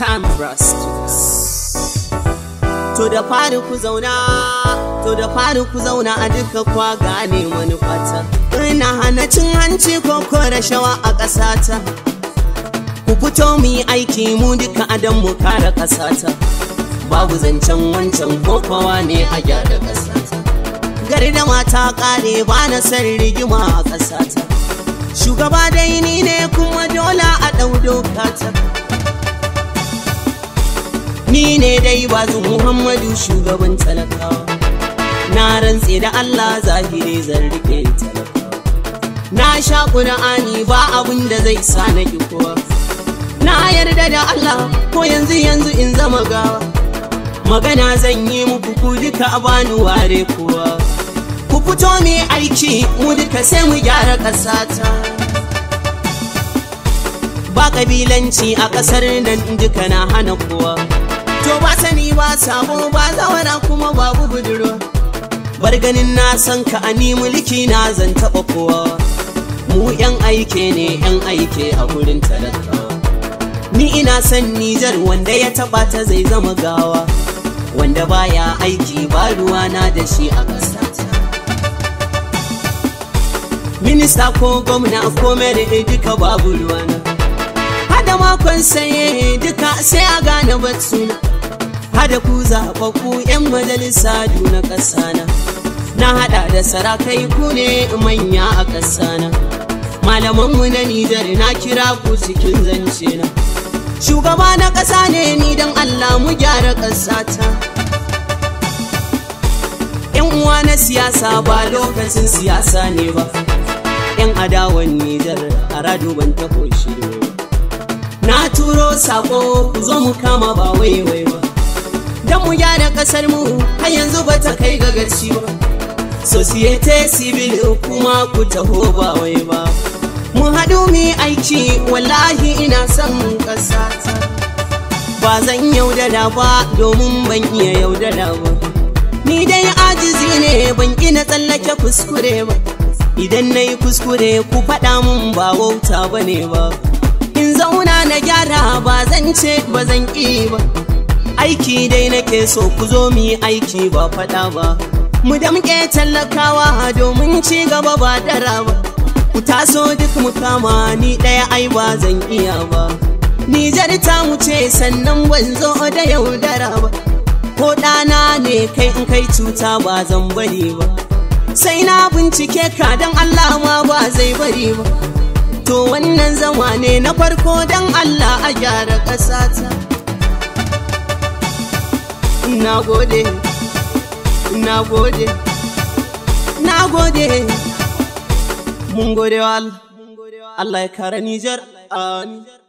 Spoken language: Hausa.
time To da fari ku zauna, to da fari ku zauna a duka kwa gane wani fata. Ina hana cin hanci ko rashawa a ƙasata. Ku fito mu yi aiki mu duka adon mu kare ƙasata. Babu zancen wancan kokowa ne a gyara ƙasata. Gari da mata ƙare ba na san rigima a ƙasata. Shugaba dai ni ne kuma dola a ɗau doka ta. ni ne dai bazu muhammadu shugaban talakawa na rantse da allah zahiri zan rike talakawa na sha ƙura'ani ba abin da zai sa na kowa na yarda da allah ko yanzu yanzu in zama gawa magana zan yi muku ku duka bani ware kuwa ku fito mai aiki mu duka sai mu gyara ta ba kabilanci a ƙasar nan duka na hana kowa to ba sani ba sabo ba zawara kuma babu buduro bar ganin na san ka a ni mulki na zan taɓa kowa mu yan aike ne yan aike a gurin talakawa ni ina san nijar wanda ya taɓa ta zai zama gawa wanda baya aiki ba na da shi a ƙasata minista ko gwamna ko mere eh, duka babu ruwana hada makon saye duka sai a gane batsuna Hada ku zaɓaɓɓu 'yan majalisa juna ƙasana. Na haɗa da sarakai ku ne manya a ƙasana. Malamanmu na Nijar na kira ku cikin zance na. Shugaba na ƙasa ne ni don Allah mu gyara ƙasata. Yan uwa na siyasa ba lokacin siyasa ne ba. Yan adawan Nijar a rado ban taho shi ne. Na turo sako ku zo mu kama ba waiwai Ƙasar kasar mu har yanzu ba ta kai ga garci ba societe civil kuma ku taho ba wai ba mu haɗu mi aiki wallahi ina son ƙasa ba zan yaudara ba domin ban iya yaudara ba ni dai ajizi ne ban na tsallake kuskure ba idan na yi kuskure ku faɗa mun ba wauta ba ba in zauna na gyara ba zan ce ba zan ƙi ba aiki dai nake so ku zo mu yi aiki ba faɗa ba mu damƙe tallakawa domin ci gaba ba dara ba ku taso duk mu kama ni ɗaya ai ba zan iya ba nijar ta mu ce sannan ban zo da yaudara ba ko ɗana ne kai in kai cuta ba zan bari ba sai na bincike ka don Allah ma ba zai bari ba to wannan zama ne na farko don Allah a gyara ƙasata. na gode na gode na gode mun gode wa Allah Allah ya kare Nijar amin